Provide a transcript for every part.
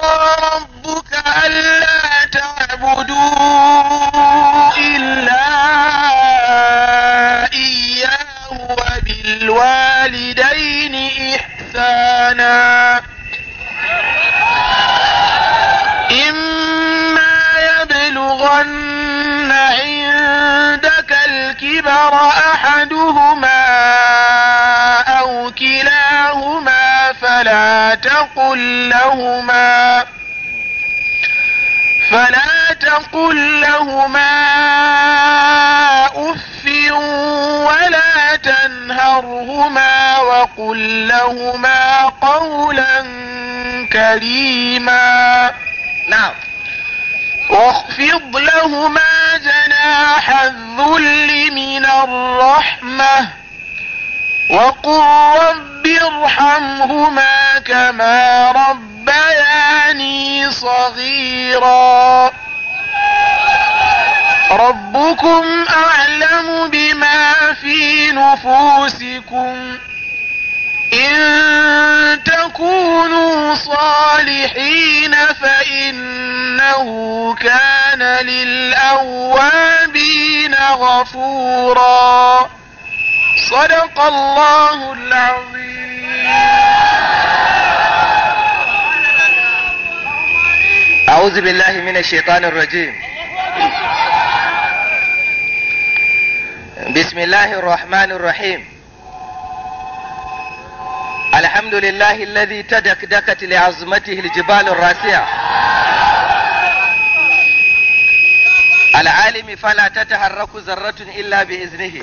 ¡Vamos! تقل لهما فلا تقل لهما أف ولا تنهرهما وقل لهما قولا كريما نعم واخفض لهما جناح الذل من الرحمه وقل رب ارحمهما كما ربياني صغيرا ربكم أعلم بما في نفوسكم إن تكونوا صالحين فإنه كان للأوابين غفوراً صدق الله العظيم أعوذ بالله من الشيطان الرجيم بسم الله الرحمن الرحيم الحمد لله الذي تدكدكت لعظمته الجبال الراسعة العالم فلا تتحرك ذرة إلا بإذنه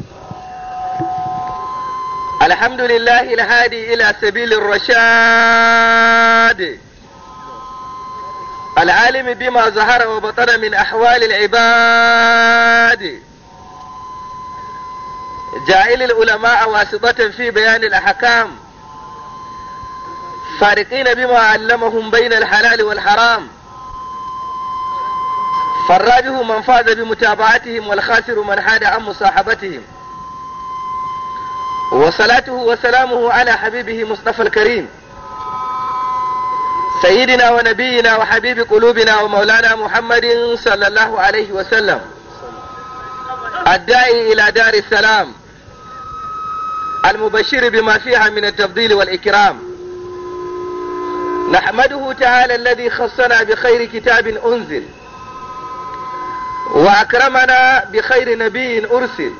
الحمد لله الهادي إلى سبيل الرشاد العالم بما ظهر وبطن من أحوال العباد جائل العلماء واسطة في بيان الأحكام فارقين بما علمهم بين الحلال والحرام فالراجه من فاز بمتابعتهم والخاسر من حاد عن مصاحبتهم وصلاته وسلامه على حبيبه مصطفى الكريم سيدنا ونبينا وحبيب قلوبنا ومولانا محمد صلى الله عليه وسلم الداعي إلى دار السلام المبشر بما فيها من التفضيل والإكرام نحمده تعالى الذي خصنا بخير كتاب أنزل وأكرمنا بخير نبي أرسل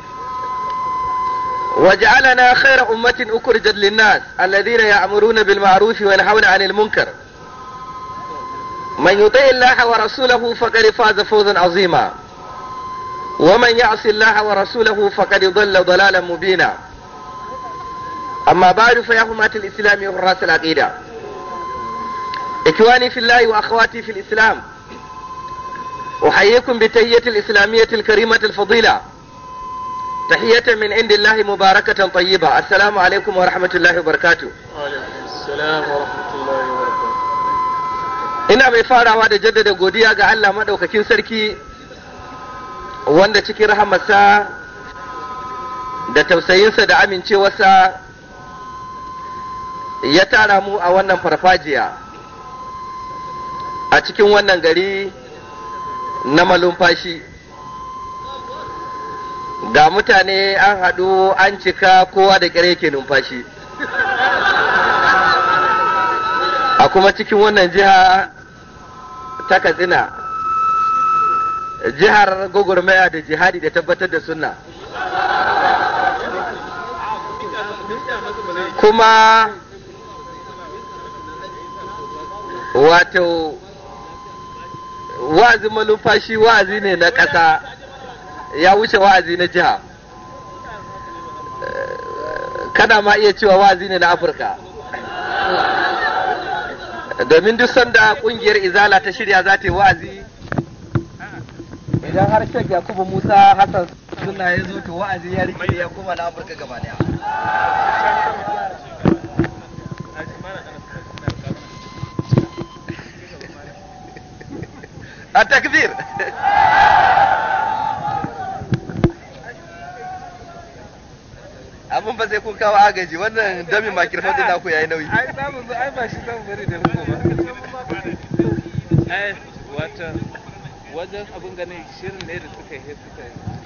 واجعلنا خير أمة أكرجت للناس الذين يأمرون بالمعروف وينهون عن المنكر من يطيع الله ورسوله فقد فاز فوزا عظيما ومن يعص الله ورسوله فقد ضل ضلالا مبينا أما بعد فيا همة الإسلام وحراس العقيدة إخواني في الله وأخواتي في الإسلام أحييكم بتهية الإسلامية الكريمة الفضيلة tahiyatan min indillahi mubarakatan tayyiba assalamu alaikum wa rahmatullahi wa ina mai farawa da jaddada godiya ga Allah madaukakin sarki wanda cikin rahamarsa da tausayinsa da amincewarsa ya tara mu a wannan farfajiya a cikin wannan gari na malumfashi ga mutane an haɗu an cika kowa da ƙyar yake numfashi a kuma cikin wannan jiha ta katsina jihar gwagwarmaya da jihadi da tabbatar da sunna kuma wato wa'azin malumfashi wa'azi ne na ƙasa ya wuce wa'azi na jiha kana ma iya cewa wa'azi ne na afirka domin duk sanda kungiyar izala ta shirya za ta yi wa'azi idan har shek yakubu musa hassan suna ya zo to wa'azi ya rike ya kuma na afirka gaba daya a takbir kun ba sai kun kawo agaji wannan dami kirfa da ku yayi nauyi ai za mu zo ai ba shi za bari da ku ba ai eh, wata wajen abun ganin shirin ne da suka yi suka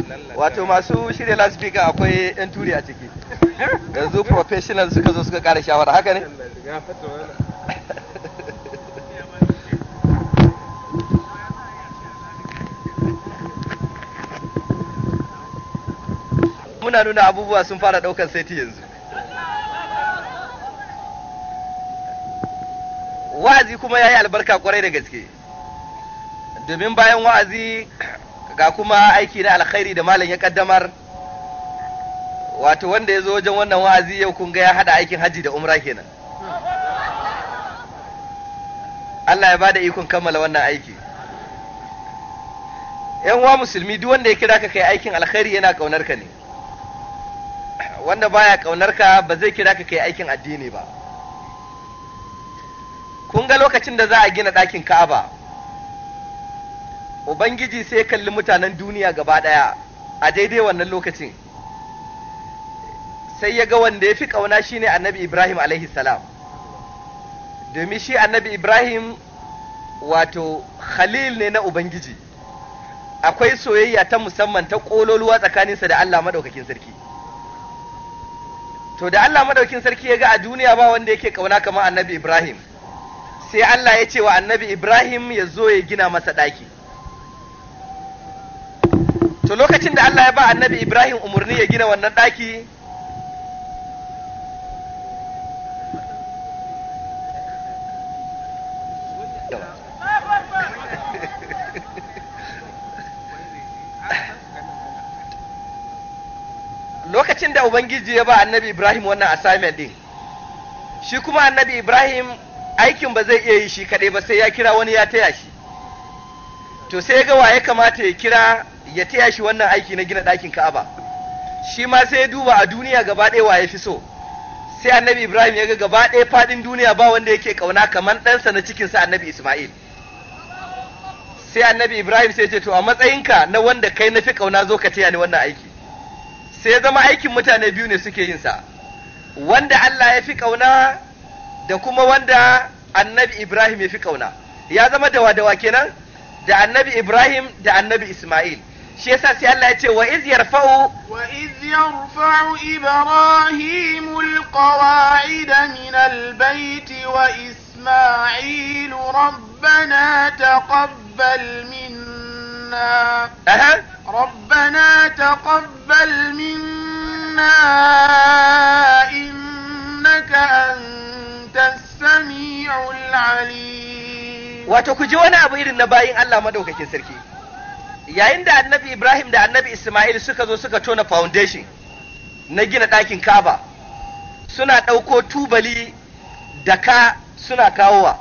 lallata wato masu shirye shirya speaker akwai yan turi a ciki yanzu professional suka zo suka kara shawara haka ne ya fata muna nuna abubuwa sun fara ɗaukar saiti yanzu wa'azi kuma ya yi albarka kwarai da gaske domin bayan wa'azi ga kuma aiki na alkhairi da malam ya kaddamar wato wanda ya zo wajen wannan wa'azi yau kun ga ya haɗa aikin hajji da umra kenan Allah ya bada ikon kammala wannan aiki yan uwa musulmi duk wanda ya kira ka kai aikin alkhairi yana kaunar ka ne wanda baya kaunar ka ba zai kira ka kai aikin addini ba kun ga lokacin da za a gina ɗakin ka'aba ubangiji sai kalli mutanen duniya gaba ɗaya a daidai wannan lokacin sai ya ga wanda ya fi ƙauna shine annabi ibrahim alaihi salam domin shi annabi ibrahim wato khalil ne na ubangiji akwai soyayya ta musamman ta ƙololuwa tsakaninsa da allah maɗaukakin sarki to da Allah madaukin sarki ya ga a duniya ba wanda yake kauna kamar annabi Ibrahim sai Allah ya ce wa annabi Ibrahim ya zo ya gina masa ɗaki to lokacin da Allah ya ba annabi Ibrahim umarni ya gina wannan ɗaki Ubangiji ya ba annabi Ibrahim wannan assignment din. Shi kuma annabi Ibrahim aikin ba zai iya yi shi kaɗai ba sai ya kira wani ya taya shi. To sai ga wa ya kamata ya kira ya taya shi wannan aiki na gina ɗakin Ka'aba. Shi ma sai ya duba a duniya gaba ɗaya wa ya fi so. Sai annabi Ibrahim ya ga gaba ɗaya faɗin duniya ba wanda yake ƙauna kamar ɗansa na cikinsa annabi Ismail. Sai annabi Ibrahim sai ya ce to a matsayinka na wanda kai na fi ƙauna zo ka taya ni wannan aiki. sai ya zama aikin mutane biyu ne suke yin sa wanda Allah ya fi da kuma wanda annabi Ibrahim ya fi ya zama dawa dawa kenan da annabi Ibrahim da annabi Ismail shi yasa sai Allah ya ce wa iz yarfa'u wa iz yarfa'u ibrahimu alqawa'ida min albayt wa isma'ilu rabbana taqabbal min منا أه. ربنا تقبل منا إنك أنت السميع العليم وتكجي وانا أبو إذن نباين الله مدوك كنسركي yayin da annabi Ibrahim da annabi Ismail suka zo suka tona foundation na gina ɗakin Kaba suna ɗauko tubali da ka suna kawowa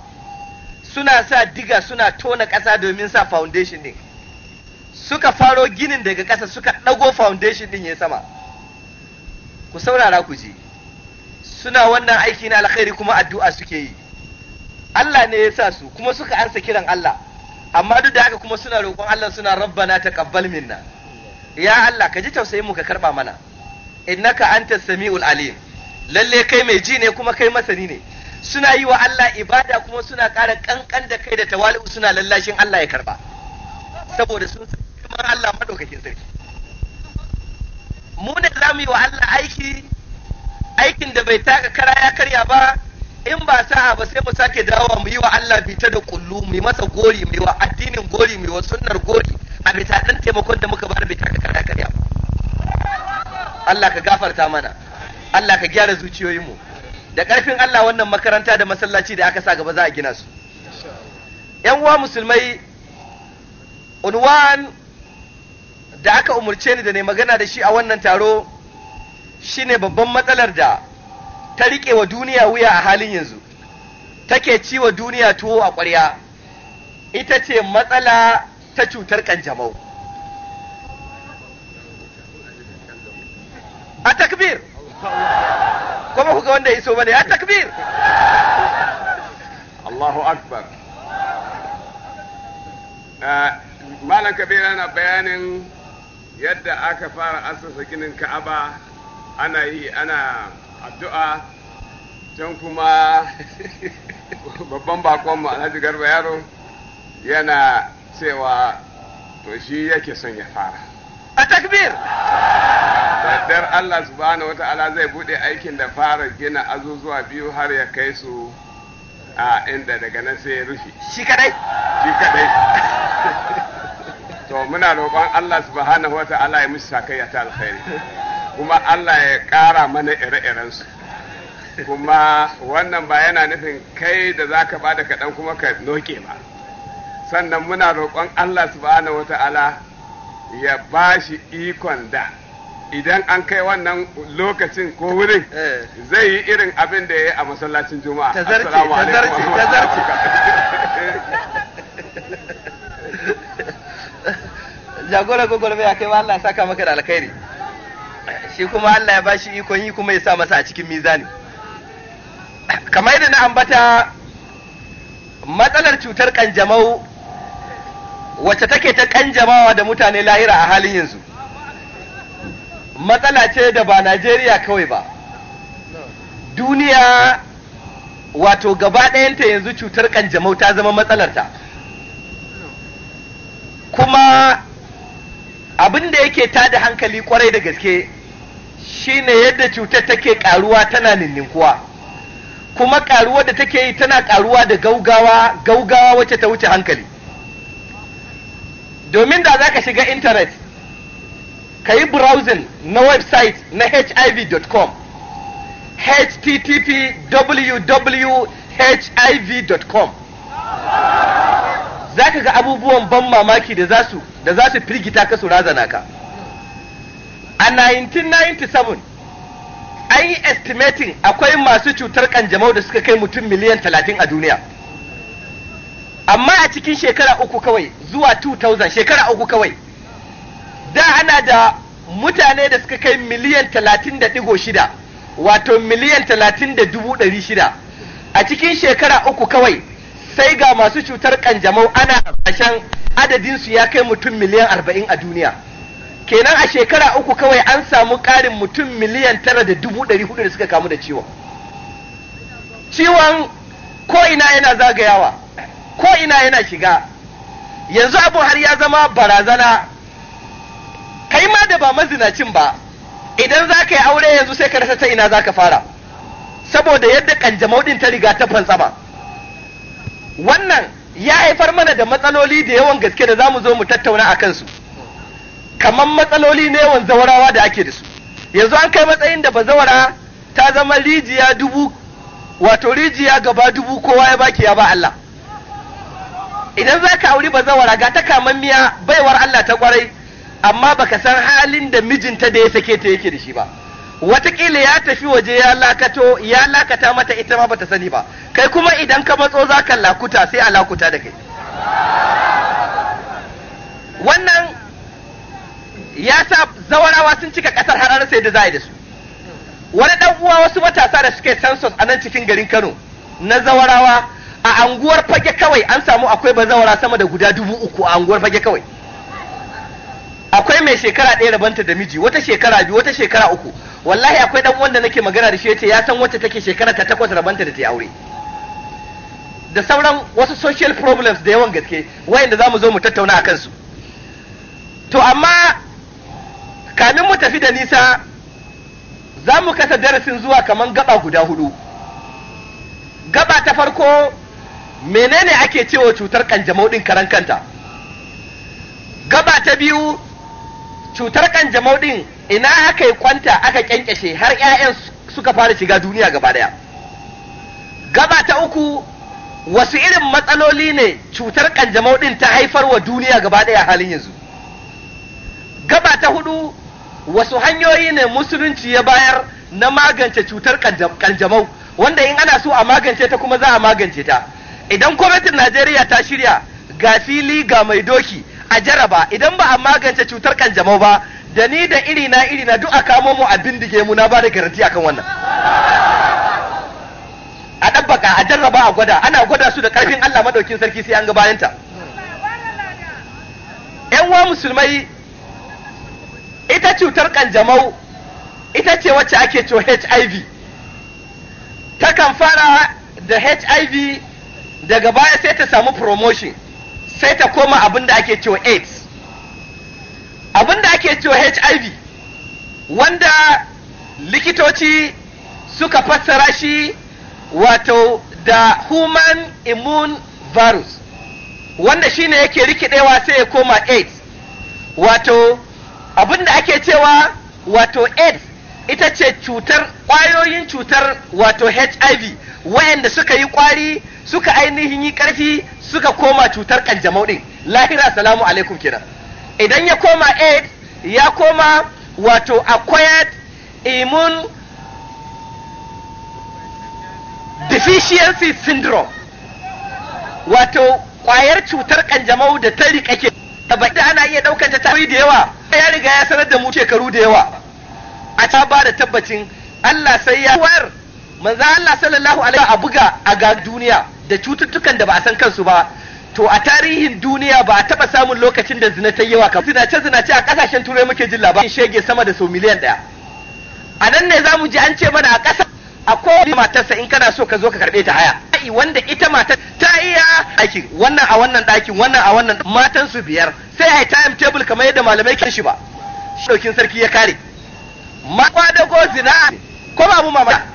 suna sa diga suna tona ƙasa domin sa foundation ne. suka faro ginin daga ƙasa suka ɗago foundation ɗin ya sama ku saurara ku je suna wannan aiki na alkhairi kuma addu'a suke yi Allah ne ya sa su kuma suka ansa kiran Allah amma duk da haka kuma suna roƙon Allah suna rabbana taqabbal minna ya Allah ka ji tausayin mu ka karba mana innaka antas samiul alim lalle kai mai ji ne kuma kai masani ne suna yi wa Allah ibada kuma suna ƙara kankan da kai da tawali'u suna lallashin Allah ya karɓa. saboda sun girman Allah madaukakin sarki mu ne za mu yi wa Allah aiki aikin da bai taka kara ya karya ba in ba sa'a ba sai mu sake dawowa mu yi wa Allah bita da kullu mu yi masa gori mu yi wa addinin gori mu yi wa sunnar gori a bita dan taimakon da muka bada bai taka kara ya karya ba Allah ka gafarta mana Allah ka gyara zuciyoyinmu da ƙarfin Allah wannan makaranta da masallaci da aka sa gaba za a gina su ‘yan uwa musulmai unwan da aka umarce ni da ne magana da shi a wannan taro shi ne babban matsalar da ta riƙe wa duniya wuya a halin yanzu take ci wa duniya tuwo a ƙwarya ita ce matsala ta cutar ƙanjamau a takbir kuma kuka wanda ya iso bane a takbir Allahu akbar eh, malam kabir yana bayanin yadda aka fara asasa ginin ka'aba ana yi ana addu'a can kuma babban bakon mu alhaji garba yaro yana cewa to shi yake son ya fara a takbir daddar allah subhanahu wata'ala zai bude aikin da fara gina azuzuwa biyu har ya kai su a inda daga nan sai ya rufe shi kadai shi kadai to muna roƙon Allah subhanahu ta'ala ya musu sakayya ta alkhairi kuma Allah ya ƙara mana ire-iren su kuma wannan ba yana nufin kai da zaka bada kaɗan kuma ka noke ba sannan muna roƙon Allah subhanahu ta'ala ya ba shi ikon da idan an kai wannan lokacin ko wurin eh. zai yi irin abin da ya yi a masallacin juma'a jagora ya kai ma Allah saka maka da alkhairi shi kuma Allah ya bashi ikon yi kuma ya sa masa a cikin mizani kamar yadda na ambata matsalar cutar kanjamau wacce take ta kanjamawa da mutane lahira a halin yanzu matsala ce da ba Najeriya kawai ba duniya wato gaba ɗayanta yanzu cutar kanjamau ta zama matsalarta kuma abin da yake tada hankali kwarai da gaske shine yadda cutar take karuwa tana ninninkuwa kuma karuwa da take yi tana karuwa da gaugawa gaugawa wacce ta wuce hankali domin da za ka shiga intanet ka yi browsing na website na hiv.com http www.hiv.com za ka ga abubuwan ban mamaki da za su da za su firgita ka su razana ka a 1997 an yi estimating akwai masu cutar kanjamau da suka kai mutum miliyan 30 a duniya amma a cikin shekara uku kawai zuwa 2000 shekara uku kawai da ana da mutane da suka kai miliyan 30.6 wato miliyan 30.6 a cikin shekara uku kawai sai ga masu cutar kanjamau ana adadin adadinsu ya kai mutum miliyan arba'in a duniya kenan a shekara uku kawai an samu ƙarin mutum miliyan tara da dubu ɗari hudu da suka kamu da ciwon ciwon ko ina yana zagayawa ko ina yana shiga yanzu abu har ya zama barazana kai ma da ba mazinacin ba idan za ka yi aure yanzu sai ka rasa ta ina za ka fara saboda yadda kanjamau ɗin ta riga ta ba wannan ya haifar mana da matsaloli da yawan gaske da zamu zo mu tattauna a kansu kamar matsaloli na yawan zawarawa da ake da su yanzu an kai matsayin da bazawara ta zama rijiya dubu wato rijiya gaba dubu kowa ya baki ya ba Allah idan za ka auri bazawara ga ta kamammiya baiwar Allah ta kwarai amma baka san halin da mijinta da ya sake ta yake da shi ba watakila ya tafi waje ya lakato ya lakata mata ita ma bata sani ba kai kuma idan ka matso za ka lakuta sai a lakuta da kai wannan ya sa zawarawa sun cika kasar har sai da za da su wani dan uwa wasu matasa da suke census a nan cikin garin Kano na zawarawa a anguwar fage kawai an samu akwai bazawara sama da guda dubu uku a anguwar fage kawai akwai mai shekara ɗaya rabanta da miji wata shekara biyu wata shekara uku wallahi akwai dan wanda nake magana da shi yace ya san wacce take shekara ta takwas rabanta da ta aure da sauran wasu social problems da yawan gaske wayanda zamu zo mu tattauna akan su to amma kamin mu tafi da nisa za mu kasa darasin zuwa kaman gaba guda hudu gaba ta farko menene ake cewa cutar kanjamau din karan kanta gaba ta biyu cutar kanjamau din ina aka yi kwanta aka kyankyashe har 'ya'yan suka fara shiga duniya gaba daya gaba ta uku wasu irin matsaloli ne cutar kanjamau din ta haifar wa duniya gaba daya halin yanzu gaba ta hudu wasu hanyoyi ne musulunci ya bayar na magance cutar kanjamau wanda in ana so a magance ta kuma za a magance ta idan gwamnatin najeriya ta shirya ga fili ga mai doki a jaraba idan ba a magance cutar kanjamau ba da ni da iri na iri na duk a kamo mu a bindige mu na ba da garanti akan wannan a dabbaka, a jarraba a gwada ana gwada su da karfin Allah maɗaukin sarki sai an ga bayanta. ‘yan wa musulmai ita cutar ƙanjamau ita ce wacce ake cewa HIV takan fara da HIV daga baya sai ta samu promotion sai ta koma abin da ake cewa AIDS Abun da ake cewa hiv wanda likitoci suka fassara shi wato da human immune virus wanda shine yake rikidewa sai ya koma aids wato abinda ake cewa wato aids ita ce cutar kwayoyin cutar wato hiv wayanda suka yi kwari suka ainihin yi ƙarfi suka koma cutar kanjamau ɗin lahira salamu alaikum kenan idan ya koma aid ya koma wato acquired immune deficiency syndrome wato kwayar cutar kanjamau da ta riƙa ke da ana iya ɗaukar ta tawi da yawa ya riga ya sanar da mu shekaru da yawa a ta ba da tabbacin Allah sai ya war manzo Allah sallallahu alaihi wa a buga a ga duniya da cututtukan da ba a san kansu ba to a tarihin duniya ba a taba samun lokacin da zina ta yawa ka zinace zinace a kasashen turai muke jin labarin shege sama da sau miliyan ɗaya a nan ne za mu ji an ce mana a kasa a kowane matarsa in kana so ka zo ka karɓe ta haya wanda ita matar ta iya aiki wannan a wannan ɗakin wannan a wannan matan su biyar sai a yi time table kamar yadda malamai kan shi ba shi sarki ya kare ma kwadago zina ko ba mu mamaya